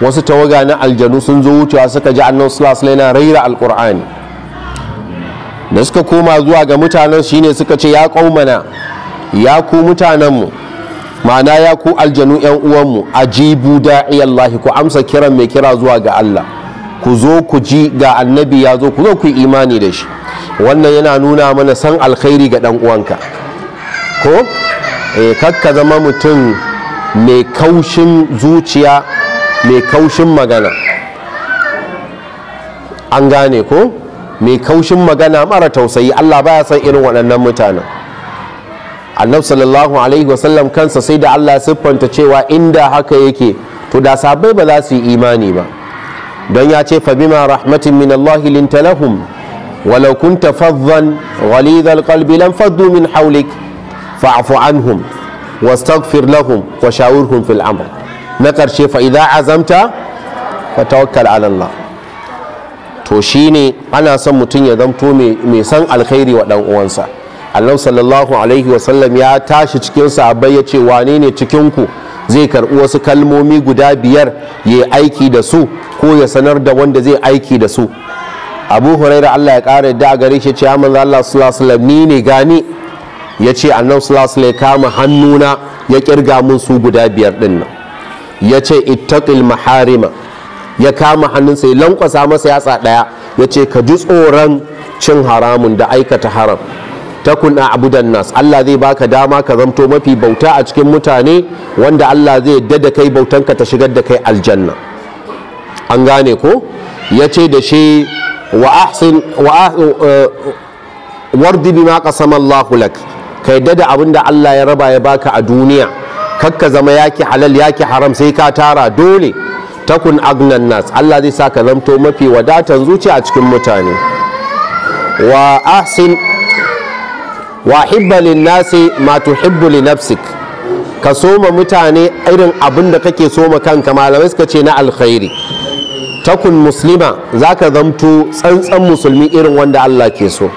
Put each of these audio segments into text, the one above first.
wasu tawaga na aljanu sun zo wucewa suka ji annan sulas na raira alkur'ani da suka koma zuwa ga mutanen shine suka ce ya kaumana ya ku mutanenmu ma'ana ya ku aljanu yan uwanmu ajibu da'iyallahi ku amsa kiran mai kira zuwa ga Allah ku zo ku ji ga annabi ya zo ku zo ku imani da shi wannan yana nuna mana san alkhairi ga dan uwanka ko eh kakka zama mutum mai kaushin zuciya mai kaushin magana an gane ko mai kaushin magana mara tausayi allah baya san irin waɗannan mutanen annabi sallallahu alaihi wasallam kansa sai da allah siffanta cewa inda haka yake to da sabai ba za su yi imani ba don ya ce fabima rahmatin min allahi linta lahum walau kunta faddan kalbi qalbi lam faddu min hawlik fa'fu anhum wastaghfir lahum wa shawirhum fil amr na ƙarshe fa'iza azamta ka tawakkal alallah to shi ne ana son mutum ya zamto mai san alkhairi wa ɗan uwansa allah sallallahu alaihi wasallam ya tashi cikin sahabbai ya ce wane ne cikinku zai karɓi wasu kalmomi guda biyar ya aiki da su ko ya sanar da wanda zai aiki da su abu huraira allah ya ƙara da a gare shi ce ya manzo allah sallallahu ni ne gani ya ce annabi sallallahu ya kama hannuna ya kirga mun su guda biyar ɗin ya ce ittaqil maharima ya kama hannunsa ya lankwasa masa yatsa ɗaya ya ce ka ji tsoron cin haramun da aikata haram takun a abudan nas Allah zai baka dama ka zamto mafi bauta a cikin mutane wanda Allah zai yadda da kai bautanka ta shigar da kai aljanna an gane ko ya ce da shi wa ahsin wa ah, eh, wardi bima qasama ka yadda da abin da Allah ya raba ya baka a duniya kakka zama yaki halal yaki haram sai ka tara dole takun agnan nas Allah zai sa ka zamto mafi wadatan zuciya a cikin mutane wa ahsin wa hibba nasi ma tuhibbu li nafsik ka soma mutane irin abin da kake soma kanka malamai suka ce na alkhairi takun muslima zaka zamto tsantsan musulmi irin wanda Allah ke so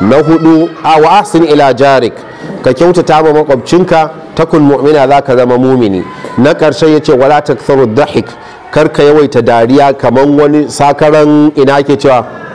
na hudu a wa ahsin ila jarik ka kyautata ma makwabcinka takun mu'mina za ka zama mumini na ƙarshe ya ce wala taktharu dhahik kar ka yawaita dariya kamar wani sakaran ina ke cewa